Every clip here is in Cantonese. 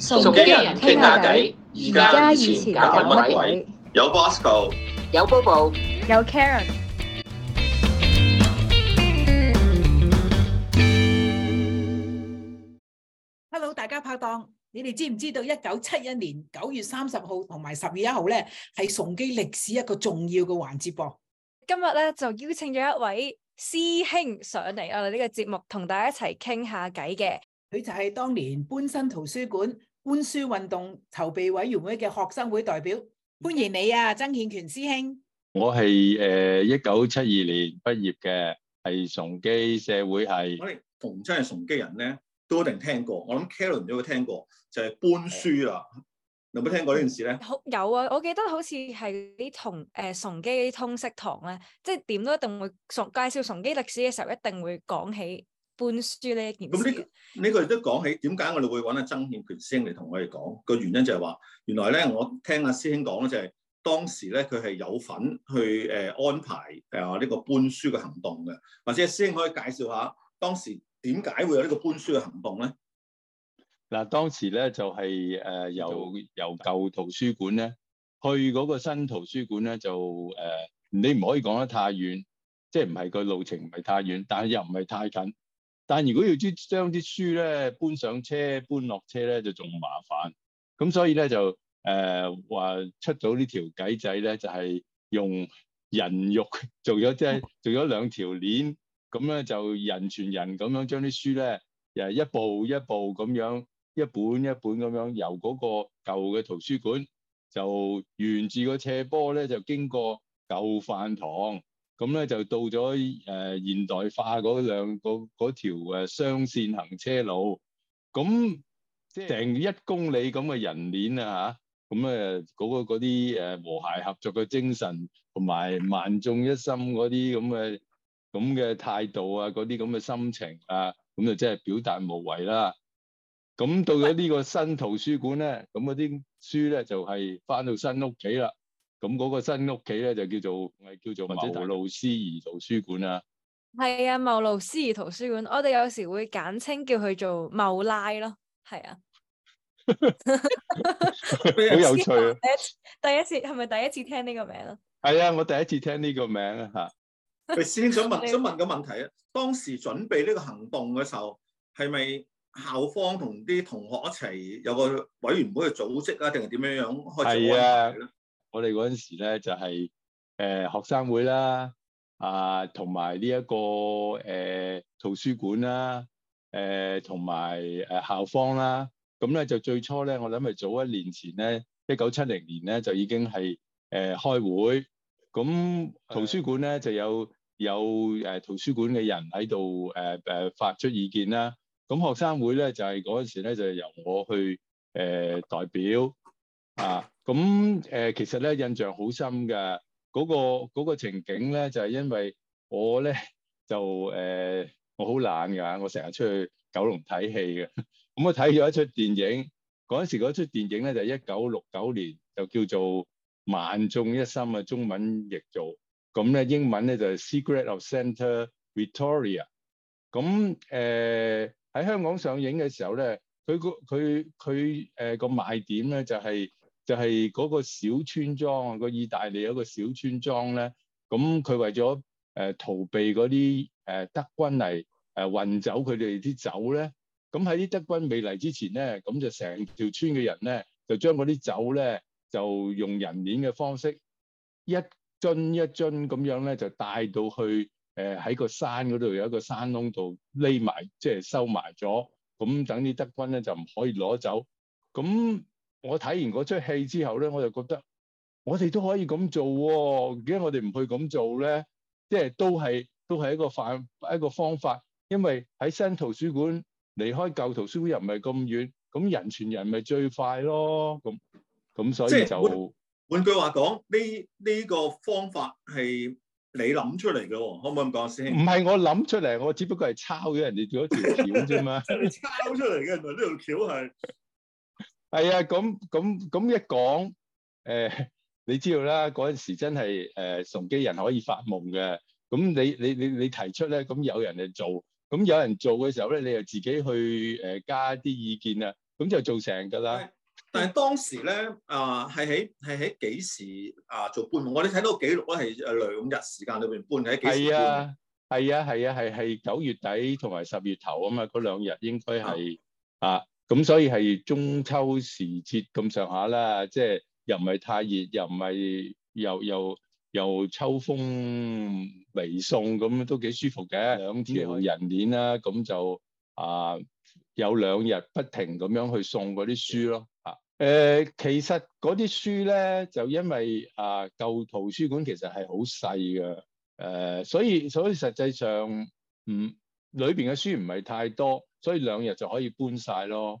崇基人傾下偈，而家以前搞乜鬼？有 Bosco，有 Bobo，有 Karen。Hello，大家拍檔，你哋知唔知道一九七一年九月三十號同埋十月一號咧，係崇基歷史一個重要嘅環節噃？今日咧就邀請咗一位師兄上嚟我哋呢個節目，同大家一齊傾下偈嘅。佢就係當年搬新圖書館搬書運動籌備委員會嘅學生會代表，歡迎你啊，曾憲權師兄。我係誒一九七二年畢業嘅，係崇基社會係。我哋逢親係崇基人咧，都一定聽過。我諗 Carolyn 都會聽過，就係、是、搬書啦。你有冇聽過呢件事咧？好有啊！我記得好似係啲同誒、呃、崇基通識堂咧，即係點都一定會崇介紹崇基歷史嘅時候，一定會講起。搬書呢一件事，咁呢呢個亦、這個、都講起點解我哋會揾阿曾憲權師兄嚟同我哋講，個原因就係話，原來咧我聽阿師兄講咧就係、是、當時咧佢係有份去誒安排誒呢個搬書嘅行動嘅，或者阿師兄可以介紹下當時點解會有呢個搬書嘅行動咧？嗱，當時咧就係、是、誒由由舊圖書館咧去嗰個新圖書館咧就誒、呃，你唔可以講得太遠，即係唔係個路程唔係太遠，但係又唔係太近。但如果要將啲書咧搬上車、搬落車咧就仲麻煩，咁所以咧就誒話、呃、出咗呢條計仔咧就係用人肉做咗即係做咗兩條鏈，咁咧就人傳人咁樣將啲書咧誒一步一步咁樣一本一本咁樣由嗰個舊嘅圖書館就沿住個斜坡咧就經過舊飯堂。咁咧就到咗誒現代化嗰兩個嗰條誒雙線行車路，咁成一公里咁嘅人鏈啊嚇，咁誒嗰個嗰啲誒和諧合作嘅精神，同埋萬眾一心嗰啲咁嘅咁嘅態度啊，嗰啲咁嘅心情啊，咁就真係表達無遺啦。咁到咗呢個新圖書館咧，咁嗰啲書咧就係翻到新屋企啦。咁、那、嗰個新屋企咧就叫做，係、就是、叫做牟路思怡圖書館啊。係啊，牟路思怡圖書館，我哋有時會簡稱叫佢做牟拉咯。係啊， 好有趣啊！啊第一次係咪第，第一次聽呢個名啊？係啊，我第一次聽呢個名啊吓。先 想問想問個問題啊，當時準備呢個行動嘅時候，係咪校方同啲同學一齊有個委員會嘅組織啊，定係點樣樣開始啊？我哋嗰陣時咧就係、是、誒、呃、學生會啦，啊同埋呢一個誒、呃、圖書館啦，誒同埋誒校方啦。咁咧就最初咧，我諗係早一年前咧，一九七零年咧就已經係誒、呃、開會。咁圖書館咧就有有誒圖書館嘅人喺度誒誒發出意見啦。咁學生會咧就係嗰陣時咧就係由我去誒、呃、代表啊。咁誒，其實咧印象好深嘅嗰個嗰個情景咧，就係因為我咧就誒我好懶㗎，我成日出去九龍睇戲嘅。咁我睇咗一出電影，嗰陣時嗰出電影咧就係一九六九年，就叫做《萬眾一心》嘅中文譯作，咁咧英文咧就係《Secret of Santa Victoria》。咁誒喺香港上映嘅時候咧，佢個佢佢誒個賣點咧就係。就係嗰個小村莊啊，個意大利有一個小村莊咧，咁佢為咗誒逃避嗰啲誒德軍嚟誒運走佢哋啲酒咧，咁喺啲德軍未嚟之前咧，咁就成條村嘅人咧，就將嗰啲酒咧就用人鏈嘅方式一樽一樽咁樣咧就帶到去誒喺個山嗰度有一個山窿度匿埋，即係收埋咗，咁等啲德軍咧就唔可以攞走，咁。我睇完嗰出戲之後咧，我就覺得我哋都可以咁做喎，點解我哋唔去咁做咧？即係都係都係一個範一個方法，因為喺新圖書館離開舊圖書館又唔係咁遠，咁人傳人咪最快咯。咁咁所以就即係換句話講，呢呢個方法係你諗出嚟嘅，可唔可以咁講先？唔係我諗出嚟，我只不過係抄咗人哋做咗條橋啫嘛。你抄出嚟嘅，唔係呢條橋係。係啊，咁咁咁一講，誒，你知道啦，嗰陣時真係誒，崇基人可以發夢嘅。咁你你你你提出咧，咁有人就做，咁有人做嘅時候咧，你就自己去誒加啲意見啊，咁就做成噶啦。但係當時咧啊，係喺係喺幾時啊做搬夢？我哋睇到記錄咧係誒兩日時間裏邊搬，喺幾時搬？係啊係啊係啊係係九月底同埋十月頭啊嘛，嗰兩日應該係啊。咁所以係中秋時節咁上下啦，即係又唔係太熱，又唔係又又又又秋風微送咁，都幾舒服嘅。兩條人鏈啦，咁，嗯，就啊有兩日不停咁樣去送嗰啲書咯。嚇，嗯，誒，呃，其實嗰啲書咧，就因為啊舊圖書館其實係好細嘅，誒，呃，所以所以實際上唔裏邊嘅書唔係太多。所以兩日就可以搬晒咯。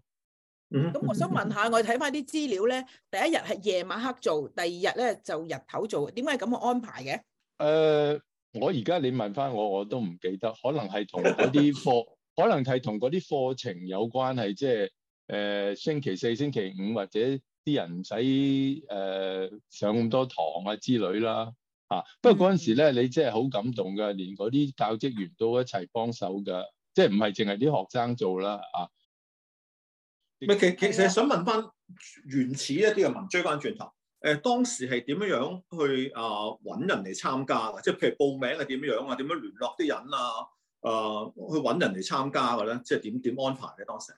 嗯，咁我想問下，我睇翻啲資料咧，第一日係夜晚黑做，第二日咧就日頭做，點解咁嘅安排嘅？誒、呃，我而家你問翻我，我都唔記得，可能係同嗰啲課， 可能係同嗰啲課程有關係，即係誒星期四、星期五或者啲人唔使誒上咁多堂啊之類啦。啊，不過嗰陣時咧，你真係好感動㗎，連嗰啲教職員都一齊幫手㗎。即係唔係淨係啲學生做啦啊？咪其其實想問翻原始一啲嘅民追翻轉頭，誒當時係點樣樣去啊揾、呃、人嚟參加嘅？即係譬如報名係點樣樣啊？點樣聯絡啲人啊？誒、呃、去揾人嚟參加嘅咧？即係點點安排咧？當時誒呢、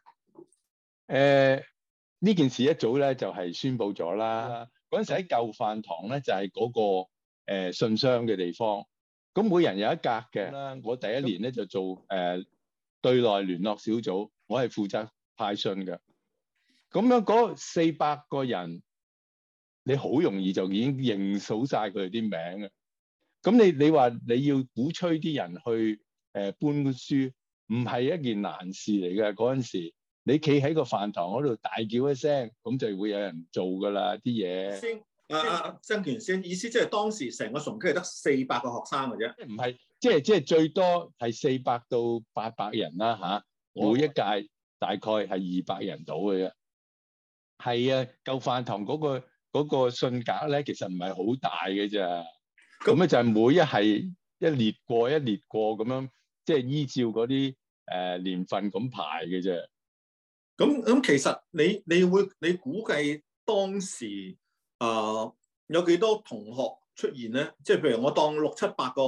呃、件事一早咧就係、是、宣布咗啦。嗰陣時喺舊飯堂咧就係、是、嗰、那個、呃、信箱嘅地方。咁每人有一格嘅啦。我第一年咧就做誒。呃對內聯絡小組，我係負責派信嘅。咁樣嗰四百個人，你好容易就已經認數晒佢哋啲名嘅。咁你你話你要鼓吹啲人去誒搬書，唔係一件難事嚟嘅。嗰陣時你企喺個飯堂嗰度大叫一聲，咁就會有人做㗎啦啲嘢。啊，曾權先，意思即係當時成個崇基係得四百個學生嘅啫，唔係即係即係最多係四百到八百人啦、啊、嚇、啊。每一屆大概係二百人到嘅啫。係啊，舊飯堂嗰、嗰個嗰個信格咧，其實唔係好大嘅啫。咁咧就係每一係一列過一列過咁樣，即、就、係、係、依照嗰啲誒年份咁排嘅啫。咁咁其實你你會你估計當時？啊！有幾多同學出現咧？即係譬如我當六七百個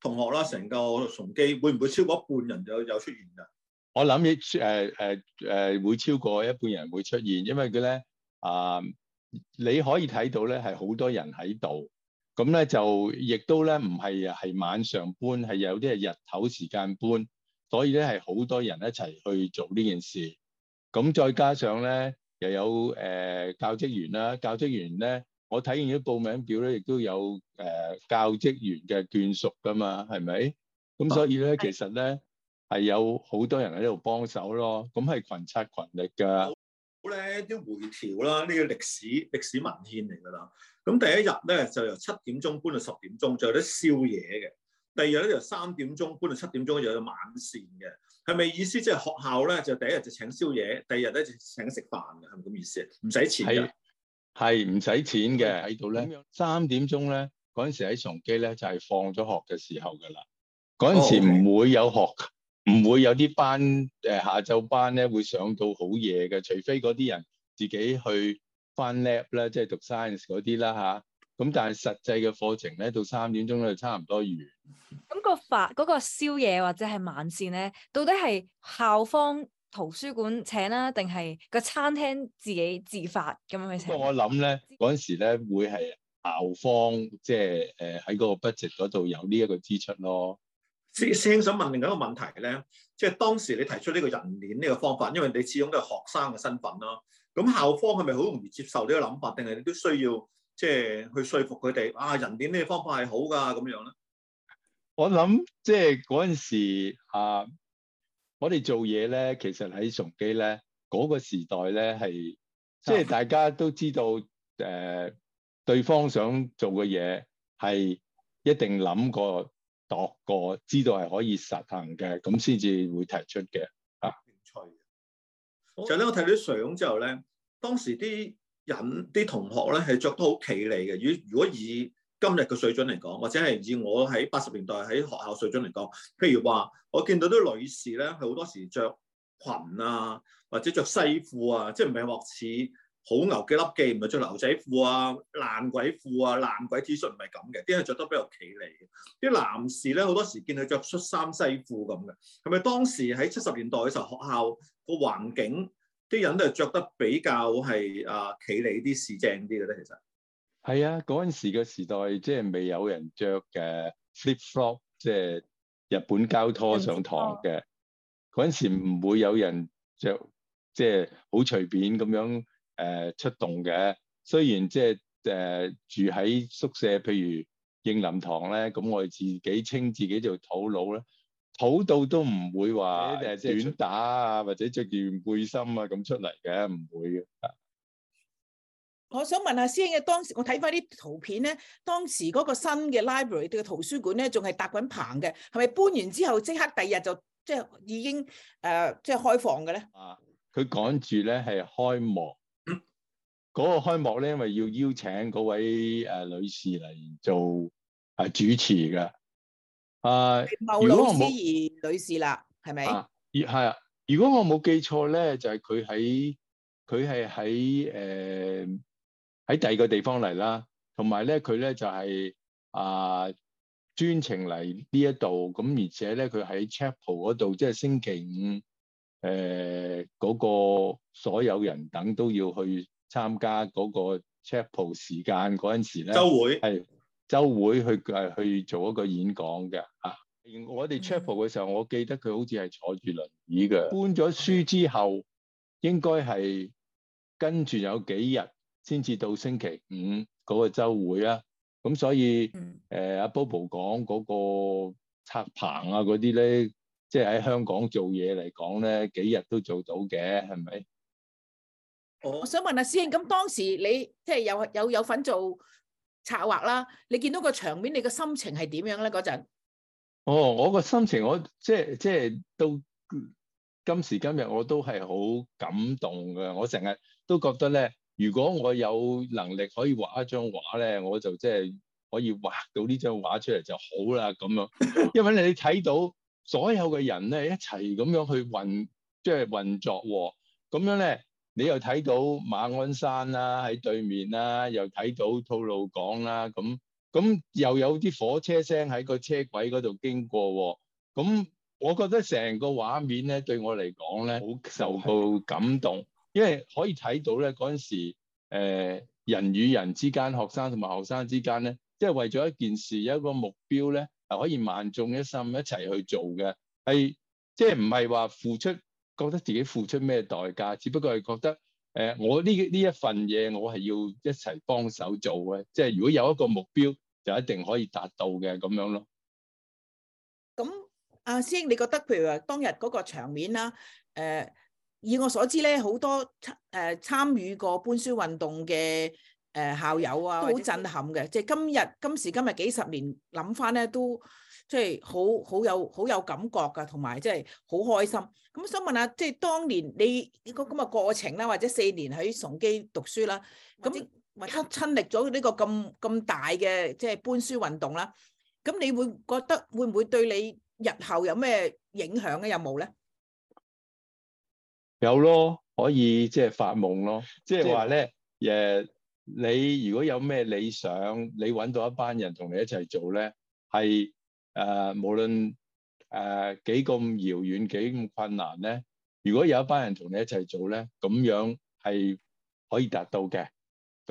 同學啦，成個崇基會唔會超過一半人就有出現㗎？我諗亦誒誒誒會超過一半人會出現，因為佢咧啊，你可以睇到咧係好多人喺度，咁咧就亦都咧唔係係晚上搬，係有啲係日頭時間搬，所以咧係好多人一齊去做呢件事，咁再加上咧。又有誒教職員啦，教職員咧，我睇完啲報名表咧，亦都有誒、呃、教職員嘅眷屬噶嘛，係咪？咁所以咧、嗯，其實咧係、嗯、有好多人喺度幫手咯，咁係群策群力㗎。好咧，啲回條啦，呢個歷史歷史文獻嚟㗎啦。咁第一日咧就由七點鐘搬到十點鐘，就有啲宵夜嘅。第二日咧由三點鐘搬到七點鐘，又有晚膳嘅。係咪意思即係學校咧就第一日就請宵夜，第二日咧就請食飯嘅，係咪咁意思啊？唔使錢嘅，係唔使錢嘅。喺度咧，三點鐘咧嗰陣時喺崇基咧就係、是、放咗學嘅時候噶啦，嗰陣時唔會有學，唔、oh, okay. 會有啲班誒、呃、下晝班咧會上到好夜嘅，除非嗰啲人自己去翻 lab 啦，即係讀 science 嗰啲啦吓。咁但係實際嘅課程咧，到三點鐘咧就差唔多完。咁個飯嗰個宵夜或者係晚膳咧，到底係校方圖書館請啦、啊，定係個餐廳自己自發咁樣去請、啊？不過我諗咧，嗰陣時咧會係校方即係誒喺嗰個 budget 嗰度有呢一個支出咯。師師兄想問另一個問題咧，即係當時你提出呢個人鏈呢個方法，因為你始終都係學生嘅身份啦。咁校方係咪好容易接受呢個諗法，定係你都需要？即、就、係、是、去説服佢哋啊！人鏈咩方法係好㗎，咁樣咧。我諗即係嗰陣時啊，我哋做嘢咧，其實喺崇基咧嗰、那個時代咧係，即係、就是、大家都知道誒、啊，對方想做嘅嘢係一定諗過、度過，知道係可以實行嘅，咁先至會提出嘅啊。興趣嘅。就係咧，我睇到啲相之後咧，當時啲。引啲同學咧係着得好企理嘅。如果如果以今日嘅水準嚟講，或者係以我喺八十年代喺學校水準嚟講，譬如話我見到啲女士咧係好多時着裙啊，或者着西褲啊，即係唔係學似好牛嘅粒記，唔係着牛仔褲啊、爛鬼褲啊、爛鬼 T 恤，唔係咁嘅，啲人着得比較企理嘅。啲男士咧好多時見佢着恤衫西褲咁嘅，係咪當時喺七十年代嘅時候學校個環境？啲人都係着得比較係啊企理啲四正啲嘅咧，其實係啊，嗰陣時嘅時代即係未有人着嘅 flip flop，即係日本膠拖上堂嘅嗰陣時唔會有人着，即係好隨便咁樣誒、呃、出動嘅。雖然即係誒住喺宿舍，譬如應林堂咧，咁我哋自己稱自己做土佬咧。好到都唔會話短打啊，或者著件背心啊咁出嚟嘅，唔會嘅。我想問下師兄嘅，當時我睇翻啲圖片咧，當時嗰個新嘅 library 個圖書館咧，仲係搭緊棚嘅，係咪搬完之後即刻第二日就即係已經誒即係開放嘅咧？啊，佢趕住咧係開幕，嗰個開幕咧，因為要邀請嗰位誒女士嚟做係主持嘅。啊！如思我女士啦，係咪？而係啊，如果我冇、啊、記錯咧，就係佢喺佢係喺誒喺第二個地方嚟啦，同埋咧佢咧就係啊專程嚟呢一度，咁而且咧佢喺 Chapel 嗰度，即係星期五誒嗰、呃嗰個所有人等都要去參加嗰個 Chapel 時間嗰陣時咧，周會係。周會去誒去做一個演講嘅啊！我哋 chapel 嘅時候，我記得佢好似係坐住輪椅嘅。搬咗書之後，應該係跟住有幾日先至到星期五嗰個週會啊。咁所以誒，阿 Bobo 講嗰個拆棚啊嗰啲咧，即係喺香港做嘢嚟講咧，幾日都做到嘅，係咪？我想問阿師兄，咁當時你即係有有有份做策劃啦，你見到個場面，你個心情係點樣咧？嗰陣，哦，我個心情，我即係即係到今時今日我都係好感動噶。我成日都覺得咧，如果我有能力可以畫一張畫咧，我就即係可以畫到呢張畫出嚟就好啦。咁樣，因為你睇到所有嘅人咧，一齊咁樣去運，即係運作喎，咁樣咧。你又睇到馬鞍山啦，喺對面啦，又睇到吐露港啦，咁咁又有啲火車聲喺個車軌嗰度經過喎。咁我覺得成個畫面咧，對我嚟講咧，好受到感動，因為可以睇到咧嗰陣時，誒，人與人之間，學生同埋學生之間咧，即係為咗一件事，有一個目標咧，係可以萬眾一心一齊去做嘅，係即係唔係話付出，覺得自己付出咩代價，只不過係覺得誒、呃，我呢呢一份嘢，我係要一齊幫手做嘅，即係如果有一個目標，就一定可以達到嘅咁樣咯。咁，阿、啊、師兄，你覺得譬如話當日嗰個場面啦，誒、呃，以我所知咧，好多誒參、呃、參與過搬書運動嘅。誒校友啊，都好震撼嘅，即係今日今時今日幾十年諗翻咧，都即係好好有好有感覺㗎，同埋即係好開心。咁想問下，即係當年你呢個咁嘅過程啦，或者四年喺崇基讀書啦，咁親親歷咗呢個咁咁大嘅即係搬書運動啦，咁你會覺得會唔會對你日後有咩影響咧？有冇咧？有咯，可以即係發夢咯，即係話咧，誒。你如果有咩理想，你揾到一班人同你一齊做咧，係誒無論誒幾咁遙遠、幾咁困難咧，如果有一班人同你一齊做咧，咁樣係可以達到嘅。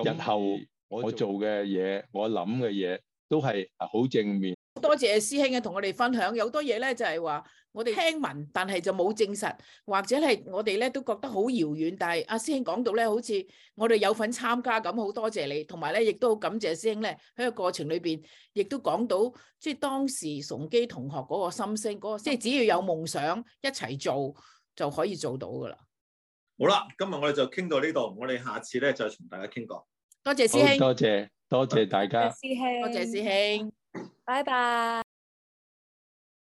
日後我做嘅嘢，我諗嘅嘢都係好正面。多謝師兄嘅，同我哋分享有好多嘢咧，就係話。我哋聽聞，但係就冇證實，或者係我哋咧都覺得好遙遠。但係阿師兄講到咧，好似我哋有份參加咁，好多謝你，同埋咧亦都好感謝師兄咧喺個過程裏邊，亦都講到即係當時崇基同學嗰個心聲，嗰個即係只要有夢想一齊做就可以做到噶啦。好啦，今日我哋就傾到呢度，我哋下次咧再同大家傾過。多謝師兄，多謝多謝大家，多謝師兄，多謝師兄，拜拜。